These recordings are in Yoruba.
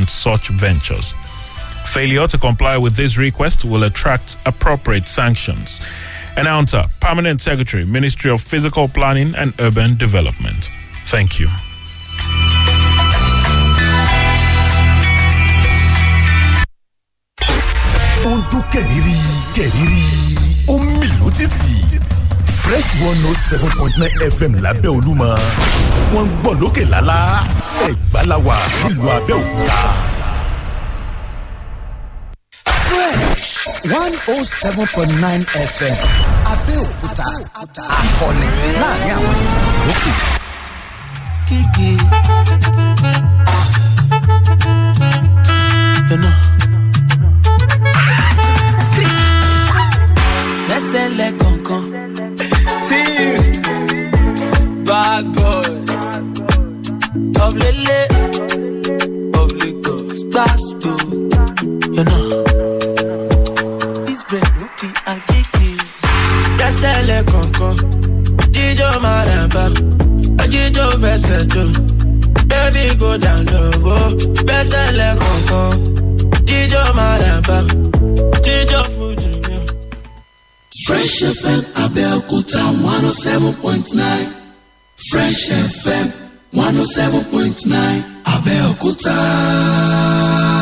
on such ventures. Failure to comply with this request will attract appropriate sanctions. Announcer, Permanent Secretary, Ministry of Physical Planning and Urban Development. Thank you. fresh one oh seven point nine fm lábẹ́ olúmọ wọ́n ń gbọ́ lókè lálá ẹ̀gbá la nílùú abẹ́òkúta. fresh one oh seven point nine fm abẹ́òkúta akọni láàrin àwọn ìtàn yòókù. kíkì. You know. lẹ́sẹ̀lẹ̀ kọ̀ọ̀kan. of Lele, of Lagos, Basco, you know. This bread will be a kiki. Yasele kankan, jijo maraba, ajijo vesejo, baby go down low. Besele kankan, jijo maraba, jijo fuji. Fresh FM Abel Kuta, 107.9 Fresh FM one oh seven point nine Abẹ́òkúta.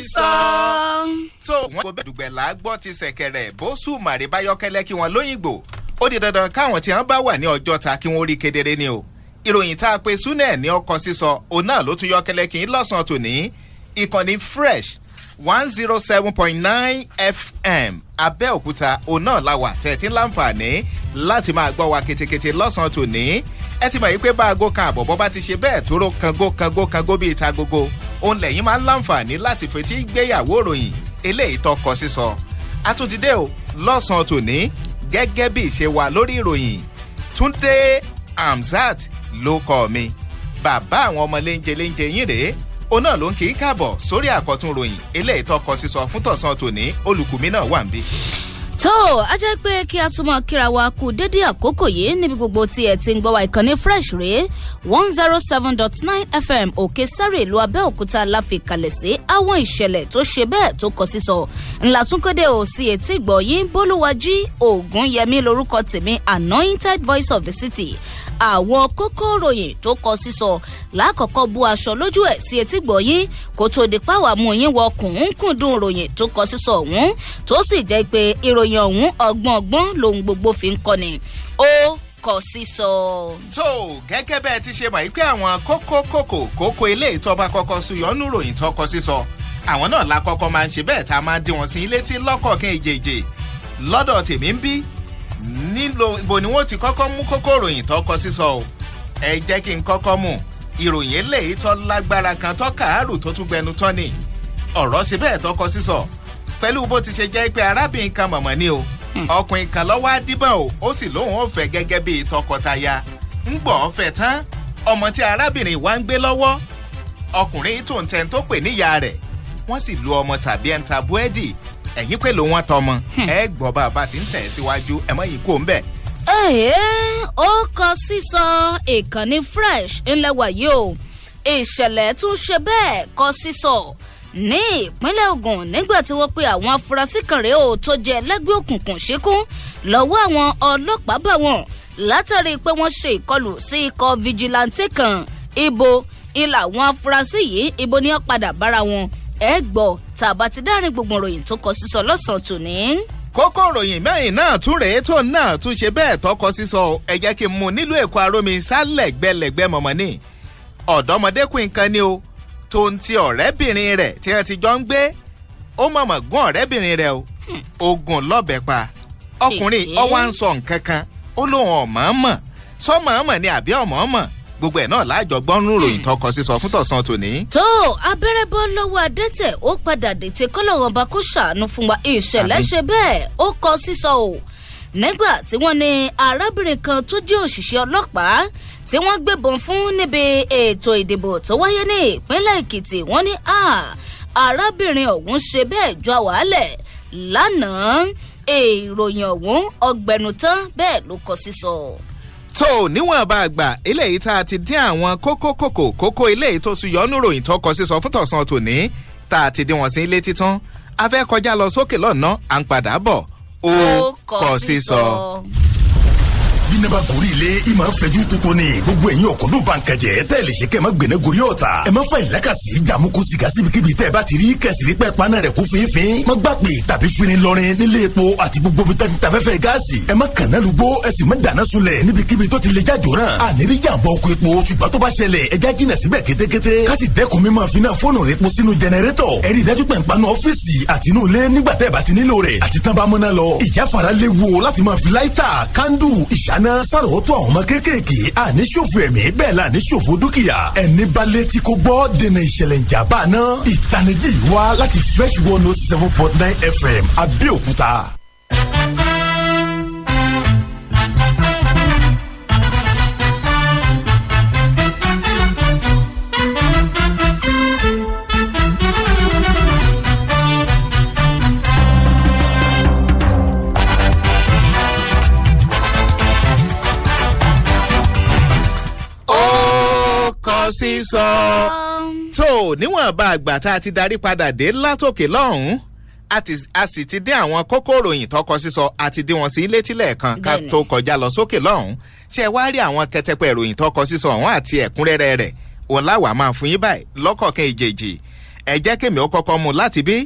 sísọ. tó wọn kò bẹ́ẹ̀ dùgbẹ̀lá gbọ́ ti ṣẹ̀kẹ̀rẹ̀ bó sùn màrí báyọ̀kẹ́lẹ́ kí wọ́n lóyìnbó ó di dandan káwọn tí wọ́n bá wà ní ọjọ́ ta kí wọ́n rí kedere ni o ìròyìn tá a pe súnẹ̀ ní ọkọ̀ sísọ òun náà ló tún yọ kẹlẹ́kì lọ́sàn-án tòní ìkànnì fresh one zero oh seven point nine fm abẹ́òkúta òun náà la wà tẹ̀tí láǹfààní láti máa gbọ́ wa ketekete lọ́sàn-án tòní ẹ ti mọ̀ yí pé bá aago kan àbọ̀bọ̀ bá ti ṣe bẹ́ẹ̀ tóró kango kango kango bíi ta gogo òun lẹ́yìn máa ń láǹfààní láti fetí gbéyàwó ròyìn eléyìí tọkọ sísọ àtúndìdé o lọ́sàn-án tòní gẹ́gẹ́ bí ìṣe wa lórí ìròyìn túndé hamzat ló kọ́ mi bàbá àwọn ọmọ léńjẹ léńjẹ yín rèé òun náà ló ń kí í káàbọ̀ sórí àkọ́tún ròyìn eléyìí tọkọ sísọ fún tọ̀sán tòní olùkùnmí náà wà ń bí tó a jẹ́ pé kí a súnmọ́ kíra wa kú dédé àkókò yìí níbi gbogbo tí ẹ ti ń gbọ́ wa ìkànnì fresh rèé one zero oh seven dot nine fm òkè sáré ìlú abẹ́òkúta la fi kalẹ̀ sí àwọn ìṣẹ̀lẹ̀ tó ṣe bẹ́ẹ̀ tó kọ sísọ ńlá tún kéde ò sí etí ìgbọ̀ yín bólúwájí ògúnyẹmí lórúkọ tèmi anointed voice of the city àwọn kókó ròyìn tó kọ sísọ lákọ̀ọ́kọ́ bu aṣọ lójú ẹ̀ sí etígbọ̀ yín kó tó di páwà mú yín wọ kùnkùndùn ròyìn tó kọ sísọ ọ̀hún tó sì jẹ́ pé ìròyìn ọ̀hún ọgbọ́n ọgbọ́n lòun gbogbo fi ń kọ́ni ó kọ sísọ. tó gẹ́gẹ́ bẹ́ẹ̀ ti ṣe mọ̀ yí pé àwọn kókó kòkó kókó ilé ìtọ́ba kọ́kọ́ suyọ́nù ròyìn tó kọ sísọ àwọn náà la kọ́kọ́ máa ń ṣe bẹ́ẹ̀ tá a máa dín wọn sí létí lọ́kọ̀ọ̀kan èjèèjì lọ́dọ̀ tèmi ń bí nílò ibo ni wọ́n ti kọ́kọ́ mú kókó ìròyìn tó kọ sísọ o ẹ jẹ́ kí n kọ́kọ́ mú ìròyìn eléyìí tó lágbára kan tó kàárù tó tún gbẹnu tán ni ọ̀rọ̀ sí bẹ́ẹ̀ tó kọ sísọ pẹ̀lú bó ti ṣe jẹ́ pé arábìnrin kan mọ̀mọ́ ni o hmm. ọkùnrin kan lọ́wọ́ adíbọ̀n o ó sì lóun ò fẹ́ gẹ́gẹ́ bíi tọkọtaya ń gbọ́ ọ fẹ́ tán ọmọ tí arábìnrin wa ń gbé lọ́wọ́ ọkùnrin tó ń tẹ́ tó pè níyà rẹ̀ wọ́n sì lu ọmọ tàbí ẹ̀ ń ta ẹ̀yìn pẹ̀lú wọn tọmọ hmm. ẹ gbọ́ bá a bá ti ń tẹ̀ síwájú ẹ mọ́ yìí kó ń bẹ̀. ẹ̀ẹ́ ó kọ sísọ ìkànnì fresh ńlẹ̀ wàyí o ìṣẹ̀lẹ̀ tún ṣe bẹ́ẹ̀ kọ sísọ ní ìpínlẹ̀ Ògùn nígbà tí wọ́n pe àwọn afurasí kan rèé o tó jẹ́ ẹlẹ́gbẹ́ òkùnkùn ṣíkún lọ́wọ́ àwọn ọlọ́pàá bá wọn látàrí pé wọ́n ṣe ìkọlù sí ikọ̀ fìjìláńtì kan ibo ilà àwọn afurasí yìí ibo ni wọ́n padà bára wọn ẹ gbọ́ tàbá ti dárin gbogbo ìròyìn tó kọ sísọ lọ́sàn-án tòní kókó ìròyìn mẹ́rin náà tún rèé tó náà tún ṣe bẹ́ẹ̀ tọkọ sísọ ẹ jẹ́ kí n mú nílùú èkó arómi sálẹ̀gbẹ́lẹ̀gbẹ́ mọ̀mọ́ ní ọ̀dọ́mọdékùnrin kan ni o tó ń ti ọ̀rẹ́bìnrin rẹ̀ tí wọ́n ti jọ ń gbé ó mọ̀mọ̀ gún ọ̀rẹ́bìnrin rẹ̀ o hmm. ogun lọ́bẹ̀ pa ọkùnrin ọwọ́ ń sọ nǹkan kan ó lóun ọ̀mọ̀ọ́mọ̀ sọ́mọ̀ọ́mọ̀ ni àbí ọ̀mọ̀ọ́mọ̀ gbogbo ẹ̀ náà láàjọ gbọ́nrún hmm. ròyìn tọkọ sísọ fún tọ̀sán tòní. tó abẹ́rẹ́ bọ́ lọ́wọ́ adẹ́tẹ̀ ó padà dètè kọ́lọ́run ọba kó ṣàánú fún wa ìṣẹ̀lẹ̀ ṣe bẹ́ẹ̀ ó kọ sísọ o nígbà tí wọ́n ní arábìnrin kan tó jẹ́ òṣìṣẹ́ ọlọ́pàá tí wọ́n gbébọn fún níbi ètò ìdìbò tó wáyé ní ìpínlẹ̀ èkìtì wọ́n ní arábìnrin ọ̀hún ṣe bẹ́ẹ̀ jọ àwálẹ̀ lánàá ìròyìn ọ̀hún ọgbẹ̀nu tán bẹ́ẹ̀ ló kọ sísọ tó níwọ̀n bá gbà eléyìí tá a ti dín àwọn kókó kòkó kókó eléyìí tó ti yọnu ròyìn tó kọ sísọ fún tọ̀sán tòní tá a ti dín wọn sí ilé títán a fẹ́ kọjá lọ sókè lọ́nà à ń padà bọ̀ ó kọ sísọ bínaba gorí ilé i máa fẹjú tuntun ni gbogbo ẹ̀yin ọ̀kúndùn bankẹ̀jẹ̀ tẹ́ lè ṣe kẹ́ ẹ má gbẹ̀nẹ́ gorí ọ̀tà ẹ má fa ìlàkàsí ìdààmú kó sìgá síbikíbi tẹ́ ẹ bá ti rí kẹsìrì pẹ́ paná rẹ̀ kó fínfín má gbà pé tàbí fínni lọrin nílé epo àti gbogbo bí tẹ́ni tafẹ́fẹ́ gáàsì ẹ má kànáà lùgbó ẹ sì má dáná sunlẹ̀ níbikíbi tó ti lè jájò ràn àníri jàǹbá ọkọ̀ epo ṣùgbọ́n tó bá ṣẹlẹ̀ ẹ já jìnà síbẹ̀ kétékété ká sì dẹ́kun mímọ́ fínà fóònù rẹ̀ epo sínú jẹnẹrétọ̀ ẹ rí dájú pé ìpanu ọ́fíìsì àti inú ilé nígbà tẹ́ ẹ bá ti nílò rẹ̀ àti tán bá mọ́ná náà sàròótó àwọn ọmọ kéékèèké àní ṣòfò ẹ̀mí bẹ́ẹ̀ la ní ṣòfò dúkìá ẹni bá létí kó gbọ́ dènà ìṣẹ̀lẹ̀ ìjàmbá náà ìtanijí wá láti fresh one oh seven point nine fm abẹ́òkúta. sísọ. tó níwọ̀n bá àgbà tá a ti darí padà dé látòkè lọ́hùn-ún a sì ti dé àwọn kókó ìròyìn tọkọ sísọ àti dí wọn sí létí lẹ́ẹ̀kan ká tó kọjá lọ sókè lọ́hùn-ún ṣé ẹ wá rí àwọn kẹtẹpẹ ìròyìn tọkọ sísọ ọ̀hún àti ẹ̀kúnrẹ́rẹ́ rẹ̀ òun láwàá máa fún yín báyìí lọ́kọ̀ọ̀kan ìjèjì ẹ jẹ́ kémi ó kọ́kọ́ mu láti bí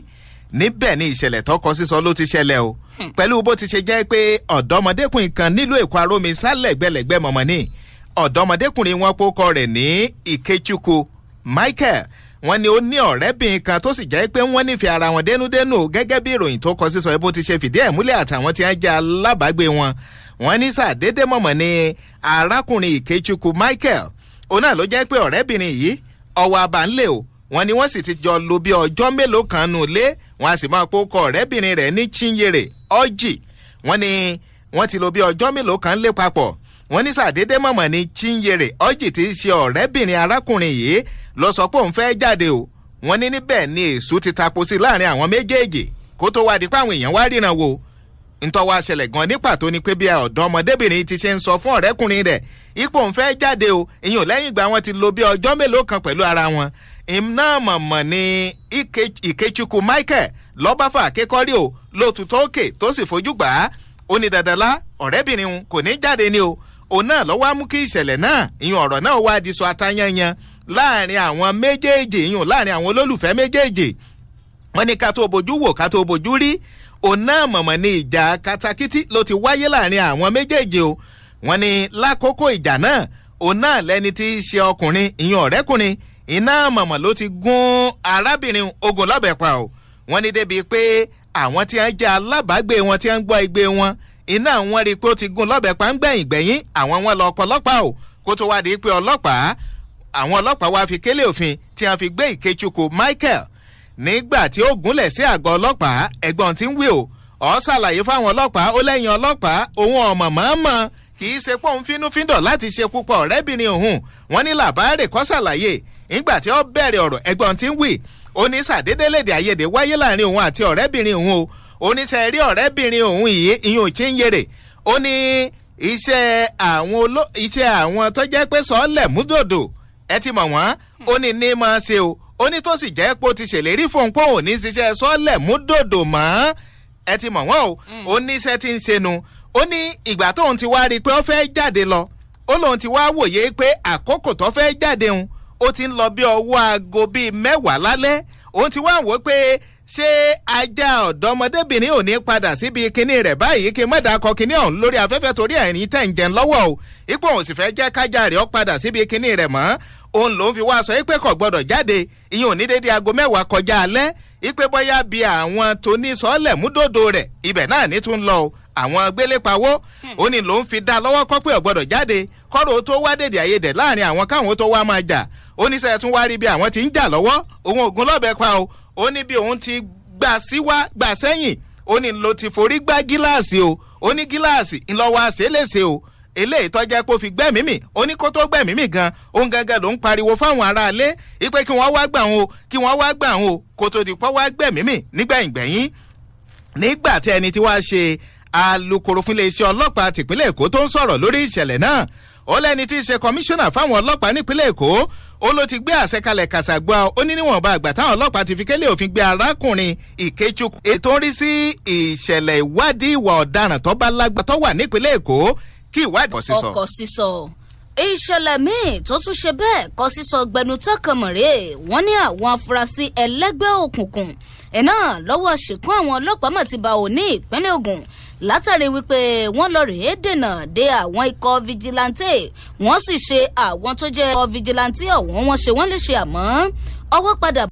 níbẹ̀ ni ìṣẹ̀lẹ̀ tọkọ sísọ ló ti ṣẹlẹ̀ o hmm. pẹ̀lú bó ti ṣe jẹ́ pé ọ̀dọ́mọdékùnrin kan nílùú èkó arómi sálẹ̀ mọ̀mọ́ ni ọ̀dọ́mọdékùnrin wọn kó kọ rẹ̀ ní Ikechukwu Michael wọ́n ní ó ní ọ̀rẹ́bìnrin kan tó sì jẹ́ pé wọ́n nífẹ̀ẹ́ ara wọn dénúdénú gẹ́gẹ́ bí ìròyìn tó kọ sísọ ẹ bó ti ṣe fìdí ẹ̀ múlẹ̀ àtàwọn tí wọ́n jẹ́ alábàágbé wọn wọ́n ní sàdédé mọ̀mọ́ ni arákùnrin Ikechukwu Michael òun náà ló jẹ́ pé ọ̀rẹ́bìnrin yìí ọwọ́ abànlé o wọ́n ní wọ́n sì ti jọ lò bí ọjọ́ mélòó kan nù lé wọ́n a sì máa pokọ ọ̀rẹ́bìnrin rẹ̀ ní Chinyere Orji wọ́n ní wọ́n ti lò bí ọjọ́ mélòó kan lé papọ̀ wọ́n ní sàdédé mọ̀mọ́ ni Chinyere Orji tí í ṣe ọ̀rẹ́bìnrin arákùnrin yìí lọ sọ pé òun fẹ́ jáde o wọ́n ní níbẹ̀ ni èṣù ti tapo sí láàrin àwọn méjèèjì kó tó wá di pé àwọn èèyàn wá ríran wò ntọ́wọ́ aṣẹlẹ̀ gan ní pàtó ni pé bí ọ̀dọ́mọdébìnrin ti ṣe ń sọ fún ọ̀rẹ́kùnrin rẹ̀ ipò ń fẹ́ jáde o ìyẹn lẹ́yìn ìgbà wọn ti lò bí ọjọ́ mélòó kan pẹ̀lú ara wọn iná mọ̀mọ̀ ni Ikechukwu Michael lọ́bàfà akẹ́kọ̀ọ́rí o lótú tókè tó sì fojú gbà á ó ọ̀rẹ́bìnrin kò ní jáde ni o òun náà ló wá mú kí ìṣẹ̀lẹ̀ náà ìyún ọ̀rọ̀ náà wá di sọ atayanyan láàrin àwọn méjèèjì ìyún láàrin àwọn olólùfẹ́ méjèèjì wọ́n ni ká tó bojú wò ká bojú rí òun náà mọ̀mọ́ ní ìjà katakítí ló ti wáyé láàrin àwọn méjèèjì o wọ́n ní lákòókò ìjà náà òun náà lẹ́ni tí í ṣe ọkùnrin ìyún ọ̀rẹ́kùnrin iná mọ̀mọ́ ló ti gún arábìnrin ogun lọ́bẹ̀ pa o wọ́n ní débi pé àwọn tí wọ́n jẹ́ alábàágbé wọn tí wọ́n gbọ́ igbe wọn iná àwọn rí i pé ó ti gún lọ́bẹ̀ pàǹgbẹ̀yìn gbẹ̀yìn àwọn wọn lọ ọkọ̀ ọlọ́pàá o kó tó wáá di pé ọlọ́pàá àwọn ọlọ́pàá wá fi kélé òfin tí wọ́n fi gbé ìkechukwu Michael nígbà tí ó gúnlẹ̀ sí àgọ́ ọlọ́pàá ẹ̀gbọ́n tí ń wí o ọ̀ ṣàlàyé fáwọn ọlọ́pàá ó lẹ́yìn ọlọ́pàá òun ọ̀mọ̀ mọ́ọ́mọ́ kì í ṣe pé òun fínúfíndọ̀ láti ṣe púpọ̀ ọ̀rẹ́bìnrin òun wọ́n ní làbáàrè kọ́ ṣàlàyé nígbà tí ó bẹ̀rẹ̀ ọ̀rọ̀ ẹ̀gbọ́n tí ń wí ó ní ṣàdédé lédè àìyedè wáyé láàrin òun àti ọ̀rẹ́bìnrin òun o oníṣẹ́ rí ọ̀rẹ́bìnrin òun yìí ìyún chinyere ó ní iṣẹ́ àwọn oló iṣẹ́ àwọn tó jẹ́ pé sọ́ọ́lẹ̀ múdòdò ẹ ti mọ̀ wọ́n ó ní ní máa ṣe o ó ní tó sì jẹ́ pé ó ti ṣèlérí fóun pé òun ní ṣiṣẹ́ sọ́ọ́lẹ̀ múdòdò mọ́ ẹ ti mọ̀ wọ́n o mm. ó ní iṣẹ́ tí ń ṣe nu ó ní ìgbà tóun ti wá rí i pé ó fẹ́ jáde lọ ó lóun ti wá wòye pé àkókò tó fẹ́ jáde òun ó ti ń lọ bí ọwọ́ aago bíi mẹ́wàá lálẹ́ òun ti wá wò pé ṣé ajá ọ̀dọ́mọdébìnrin ò ní padà síbi kinní rẹ̀ báyìí kí mọ̀dà kọ kinní ọ̀hún lórí afẹ́fẹ́ torí ẹ̀rín tẹ̀ ń jẹun lọ́wọ́ o ipò òun sì fẹ́ jẹ́ kájà rẹ̀ ó padà síbi kinní rẹ̀ mọ́ òun lòún fi wá sọ pé kò gbọ́dọ̀ jáde ìyẹn ò ní dédé aago mẹ́wàá kọjá alẹ́ ipe bóyá bí àwọn tónísọ́ọ̀lẹ̀ múdòdó rẹ̀ ibẹ̀ náà ní tún lọ àwọn gbélépawó hmm. ó ní lòún fi dá lọ́wọ́ kọ́ pé ó gbọ́dọ̀ jáde kọ́rọ̀ tó wá dèdè àyedè láàrin àwọn káwọn tó wá máa jà oníṣẹ́ tún wá rí bí àwọn ti ń jà lọ́wọ́ òun ògùn lọ́bẹ̀ pa o ó ní bí òun ti gbà síwá gbà sẹ́yìn ó ní ló ti forí gbá gíláàsì o ó ní gíláàsì ńlọ́wọ́ àṣẹ́lẹ̀ṣẹ̀ o eléyìí tọ́jà kó fi gbẹ̀mí mì ó ní kó tó gbẹ̀mí mì gan òun gangan ló ń pariwo fáwọn aráalé ipe kí wọ́n wá gbà wọn o kí wọ́n wá gbà wọn o kó tó di pọ́ wá gbẹ̀mí mì nígbẹ̀yìngbẹ̀yìn nígbà tí ẹni tí wàá ṣe alukoro fún iléeṣẹ́ ọlọ́pàá tìpínlẹ̀ èkó tó ń sọ̀rọ̀ lórí ìṣẹ̀lẹ̀ náà ó lẹ́ni tí í ṣe kọmíṣánná fáwọn ọlọ́pàá nípínlẹ̀ èkó ó ló ti gbé àṣẹ kalẹ̀ kàṣàgbà ó ní níwọ̀nba àgbà táwọn ọlọ́pàá ti fi kélé òfin gbé arákùnrin ìkéchukwu ètò ń rí sí ìṣẹ̀lẹ̀ ìwádìí ìwà ọ̀daràn tó bá lágbá tó wà nípínlẹ̀ èkó kí ìwádìí ọkọ̀ sísọ. ọkọ̀ sísọ ìṣẹ̀lẹ̀ míì tó tún ṣe bẹ́ẹ̀ kọ sísọ gbẹnutọ́ kànmọ̀rẹ́ ní àwọn afurasí ẹlẹ́gbẹ́ òkùnkùn ẹ̀ lọ́wọ́ ṣìkún àwọn ọlọ́pàá mọ̀ ti bá òní ìpínlẹ̀ Ògùn látàrí wípé wọ́n lọ rèé dènà de àwọn ikọ̀ fijilantè wọ́n sì ṣe àwọn tó jẹ́ ikọ̀ fijilantè ọ̀hún wọ́n ṣe wọ́n léṣe àmọ́ ọwọ́ padà.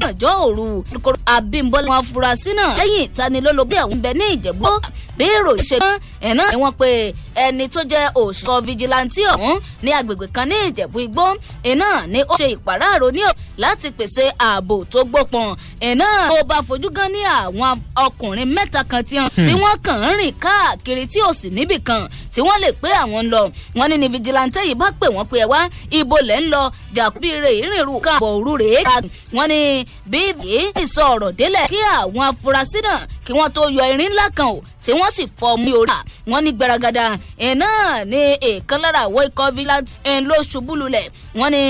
gbàjọ́ òru Abímbọ́lá wọn afurasí náà lẹ́yìn ìtanilólobó àwọn ń bẹ ní Ìjẹ̀bú bí èrò ṣe kán ẹ̀nà ni wọ́n pe ẹni tó jẹ́ òṣìṣọ́ fìjìláńtì ọ̀hún ní agbègbè kan ní ìjẹ̀bú igbó iná ni ó ṣe ìpàráàrò ní ọ̀hún láti pèsè ààbò tó gbópọn iná ó bá fojú gan ní àwọn ọkùnrin mẹ́ta kan tí hmm. wọ́n kàn ń rìn káàkiri tí ò sì níbì kan tí wọ́n lè pé àwọn ń lọ wọ́n ní ni fìjìláńtì yìí bá pè wọ́n pé ẹ wá ibo lẹ́ ń lọ jàkúbí rẹ̀ ìrìnrù kan àbọ̀ òru rèé ní bí ìsọ̀rọ̀ kí wọ́n tó yọ irin ńlá kan ò tí wọ́n sì fọ́ ọmọ orí à wọ́n ní gbaragada iná ní èèkan lára àwọ̀ ikọ̀ villand ló ṣubú lulẹ̀ wọ́n ní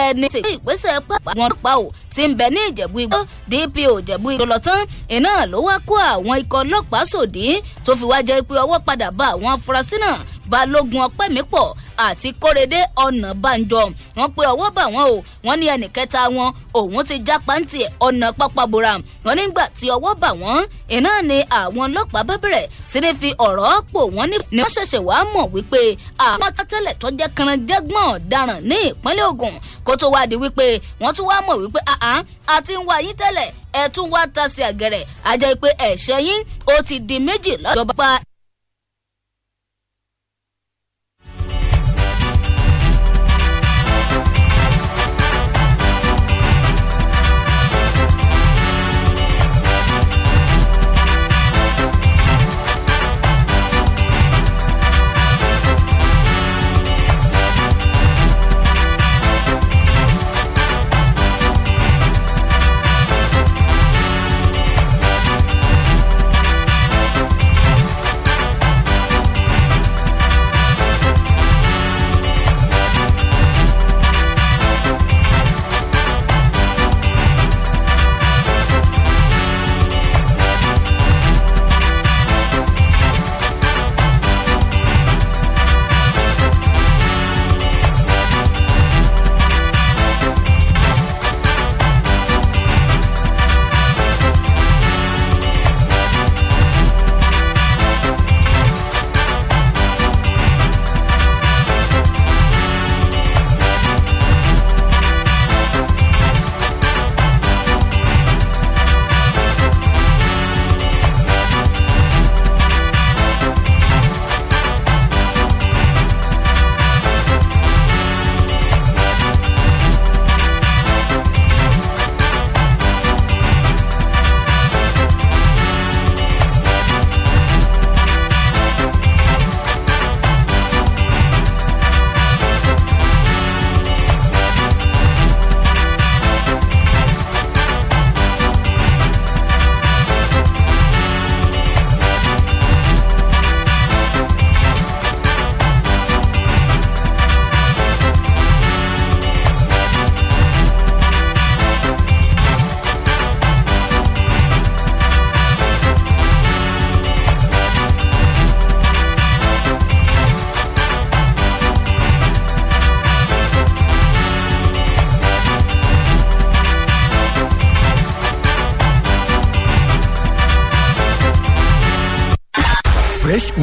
ẹni tí ìpèsè pàápàá wọn pa ò ti ń bẹ ní ìjẹ̀bú igbó dpo ìjẹ̀bú igbó lọ tán iná ló wá kó àwọn ikọ̀ ọlọ́pàá sòdí tó fi wá jẹ́ pé ọwọ́ padà bá àwọn afurasí náà balógun ọpẹ́ mi pọ̀ àti kórèdé ọ̀nàbànjọ wọ́n pe ọwọ́ bà wọ́n o wọ́n ní ẹnì kẹta wọn òun ti já pàǹtì ọ̀nà pápábora wọ́n nígbà tí ọwọ́ bà wọ́n iná ni àwọn ọlọ́pàá bá bẹ̀rẹ̀ sí ní fi ọ̀rọ̀ pò wọ́n ní wọ́n ṣẹ̀ṣẹ̀ wá mọ̀ wípé àwọn tátẹ́lẹ̀ tó jẹ́ kanadẹ́gbọ̀n ọ̀daràn ní ìpínlẹ̀ Ògùn kó tó wá di wípé wọ́n tún wá mọ̀ wípé àti ń wá yín tẹ́lẹ̀ ẹ tún wá tasẹ̀ àgẹ̀rẹ̀ àjẹ́ pé ẹ̀ṣẹ̀ yín ó ti di méjì lọ́jọ́ bá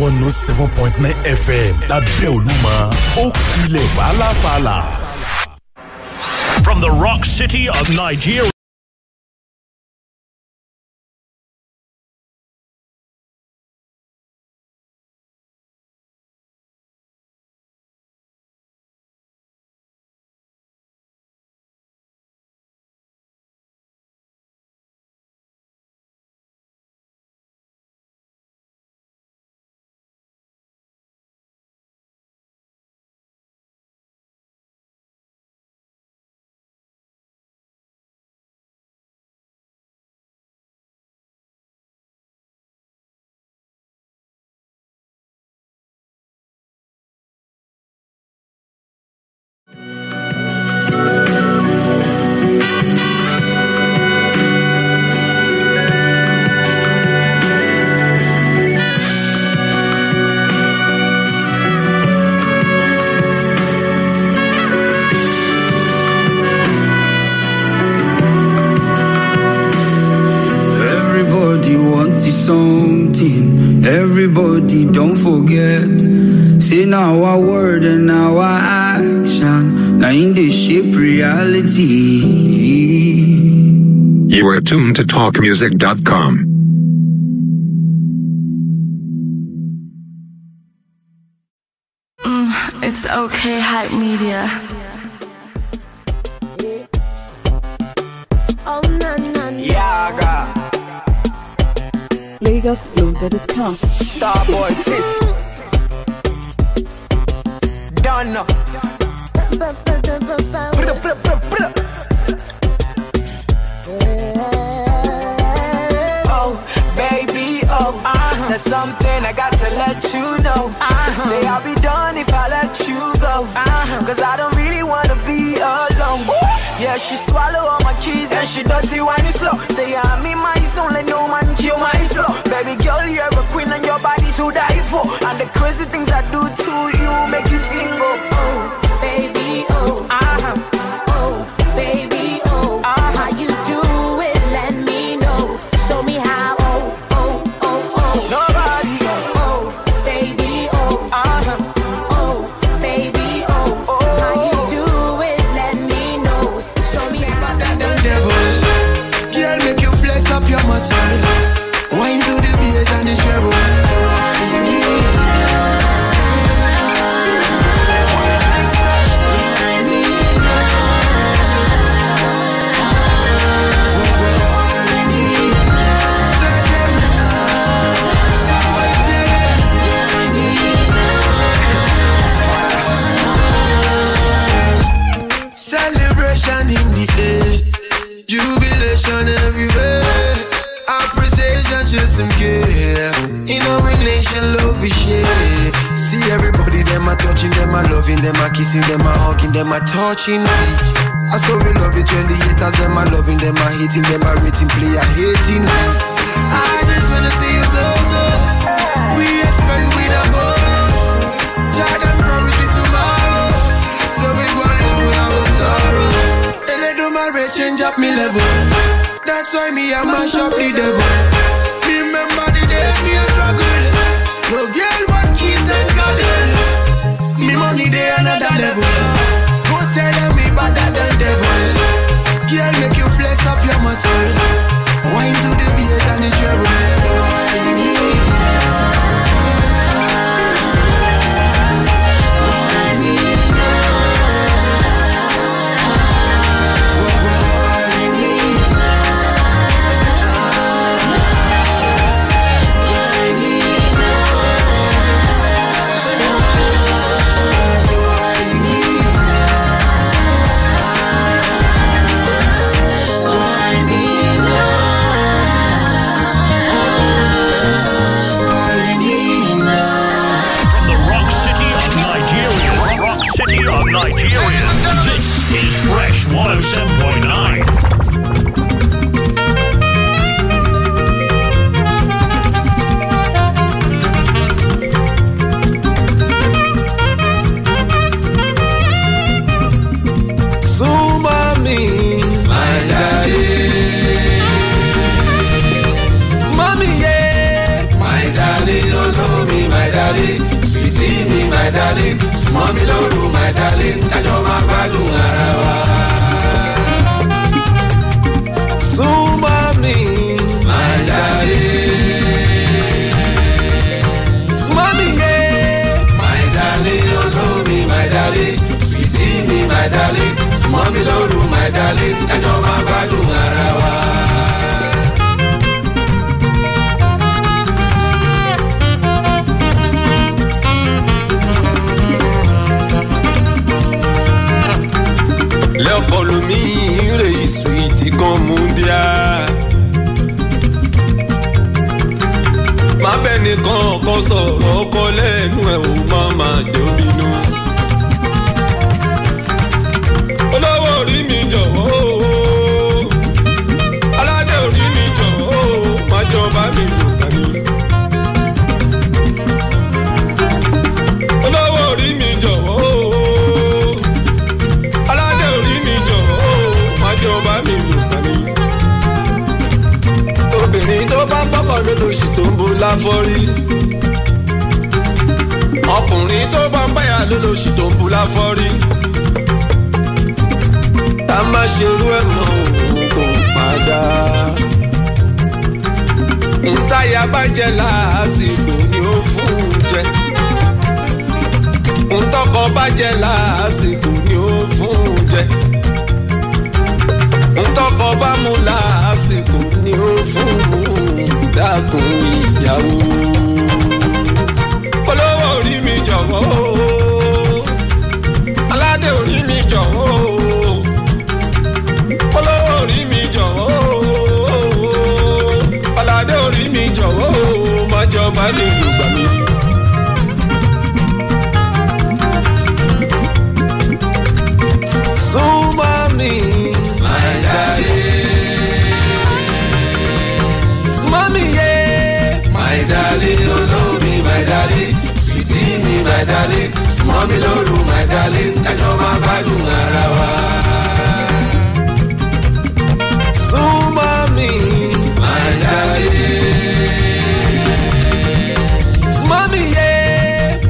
one oh seven point nine FM lábẹ́ Olúmọ ó kulẹ̀ fàlàfàlà. From the rock city of Nigeria. forget. Say now our word and our action. Now in this shape reality. You are tuned to talkmusic.com. Mm, it's okay, hype media. biggest clue that it's come. Starboard tip. Donna. Oh, baby, oh, uh something I got to let you know. Uh-huh. Say I'll be done if I let you go. Uh-huh. Cause I don't really wanna be alone. Woo! Yeah, she swallow all my keys and she dirty when you slow. Say I'm in my zone, let no man kill my flow. Baby girl, you're a queen and your body to die for. And the crazy things I do to you make you single. Oh. we are hating. I just want see you go, go. We are with a goal. Child and promise me So we wanna live without sorrow. And do my rate, change up me level. That's why me, I'm a shopping devil. Remember the day me a struggle. No girl, one keys and cuddle. Me money day another level. Go tell them me better than devil. Girl, make you flex up your muscles. Wine to the beat and the treble. Oh, I need. Hashem ọkùnrin tó bá ń báyà lólóṣì tó ń bu láfọ́rí tá a má ṣerú ẹ̀ mọ́ òun kò padà ntáyà bá jẹ láàsìkò ni ó fún un jẹ ntọkọ bá jẹ láàsìkò ni ó fún un jẹ ntọkọ bá mu láàsìkò ni ó fún un dákun ìyàwó jọ̀wọ́ aládé orí mi jọ̀wọ́. my darling súnmọ́ mi lóru my darling kájọ máa gbádùn ara wa. súnmọ́ mi my darling. súnmọ́ mi yé.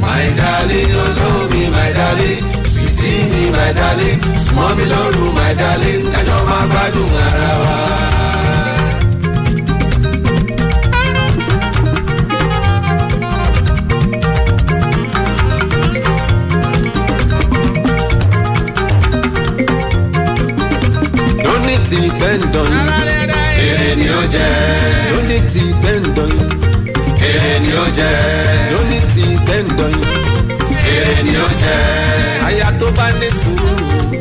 my darling olóhùn mi my darling sweetie mi my darling súnmọ́ mi lóru my darling kájọ máa gbádùn ara wa. depend on you. Èrè ni ó jẹ́. No need to depend on you. Èrè ni ó jẹ́. No need to depend Èrè ni ó jẹ́. Aya tó bá ní sùúrù.